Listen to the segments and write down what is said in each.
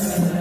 you.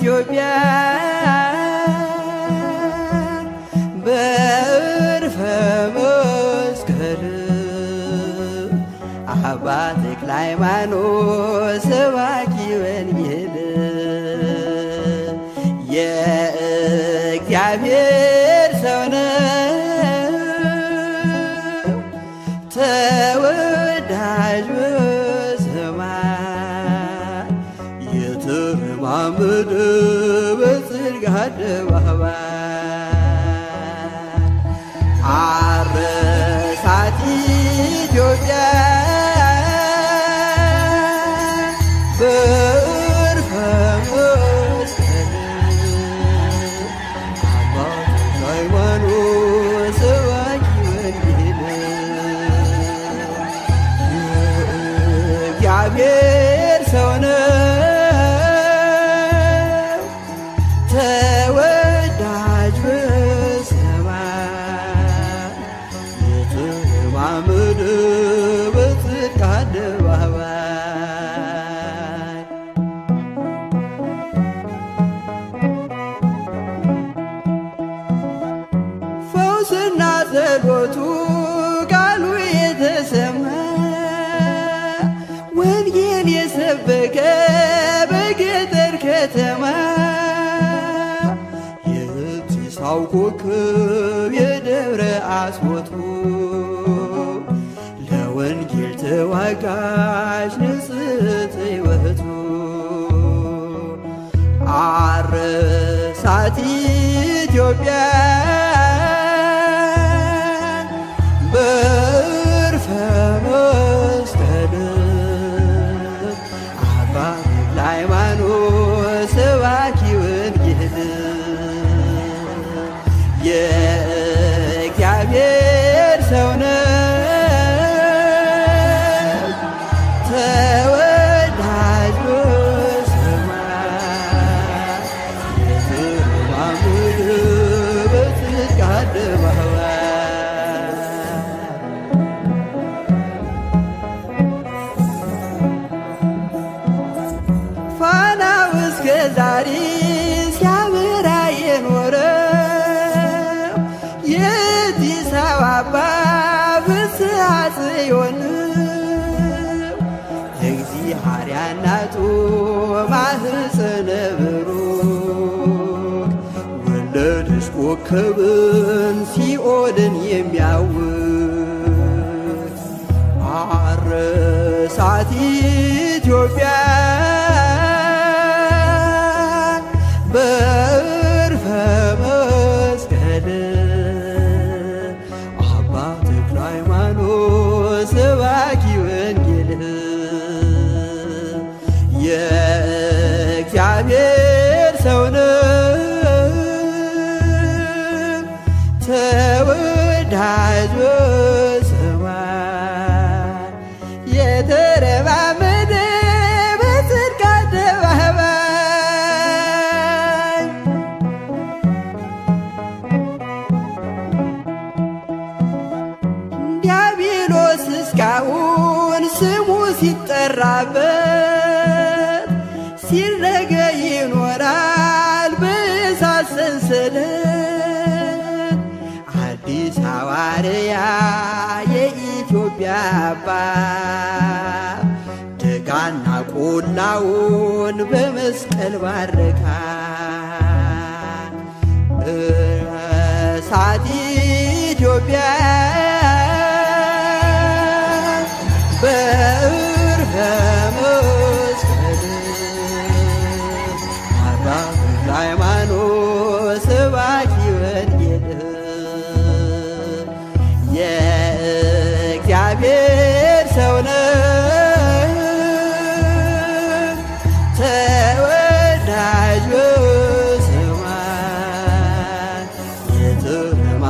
ኢትዮጵያ በእርፈ መስቀል አባ ተክለ ሃይማኖት ሰባኪ ወንጌል የእግዚአብሔር አረበ ጸሎቱ ቃሉ የተሰማ ወንጌል የሰበከ በገጠር ከተማ የብትሳው ኮከብ የደብረ አስቦቱ ለወንጌል ተዋጋሽ ንጽሕት ሕይወቱ አረሳት ኢትዮጵያ ፈጣሪ ሲያበራ የኖረ የአዲስ አበባ ፍስሐ ጽዮን የእግዚአብሔር እናቱ ማኅፀነ ብሩክ ወለደች ኮከብን ሲኦልን የሚያውቅ አረሳት ኢትዮጵያ Yeah. ስለት አዲስ ሐዋርያ የኢትዮጵያ አባት ደጋና ቆላውን በመስቀል ባረካ ሳት ኢትዮጵያ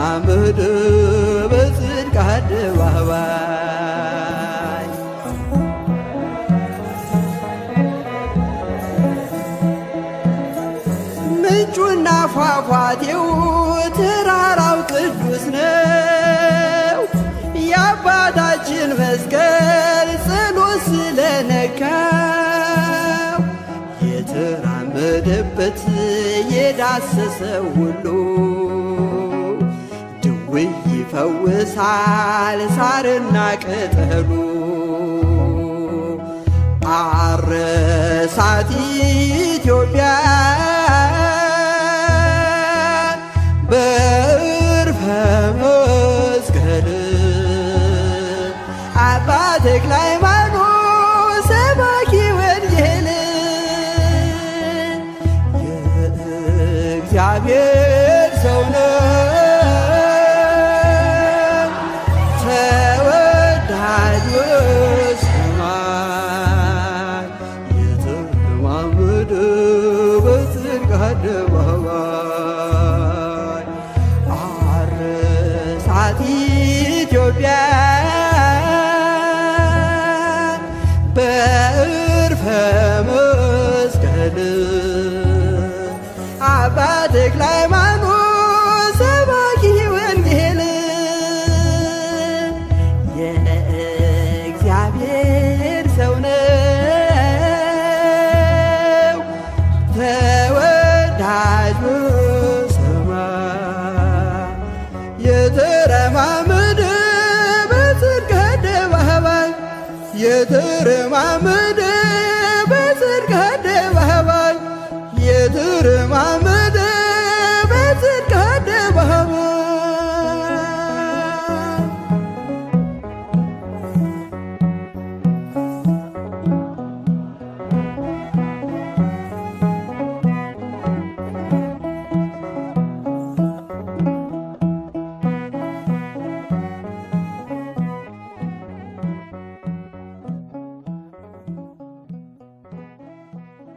አምዱ በጽድቅ አደባባይ ምንጩና ፏፏቴው ተራራው ቅዱስ ነው። የአባታችን መስቀል ጸሎት ስለነካው የተራመደበት የዳሰሰ ሁሉ ይፈውሳል ሳርና ቅጠሉ አረሳት ኢትዮጵያ በዕርፈ መስቀል አባ ተክለ ሃይማኖት በዕርፈ መስቀል አባ ተክለ በትር ማምን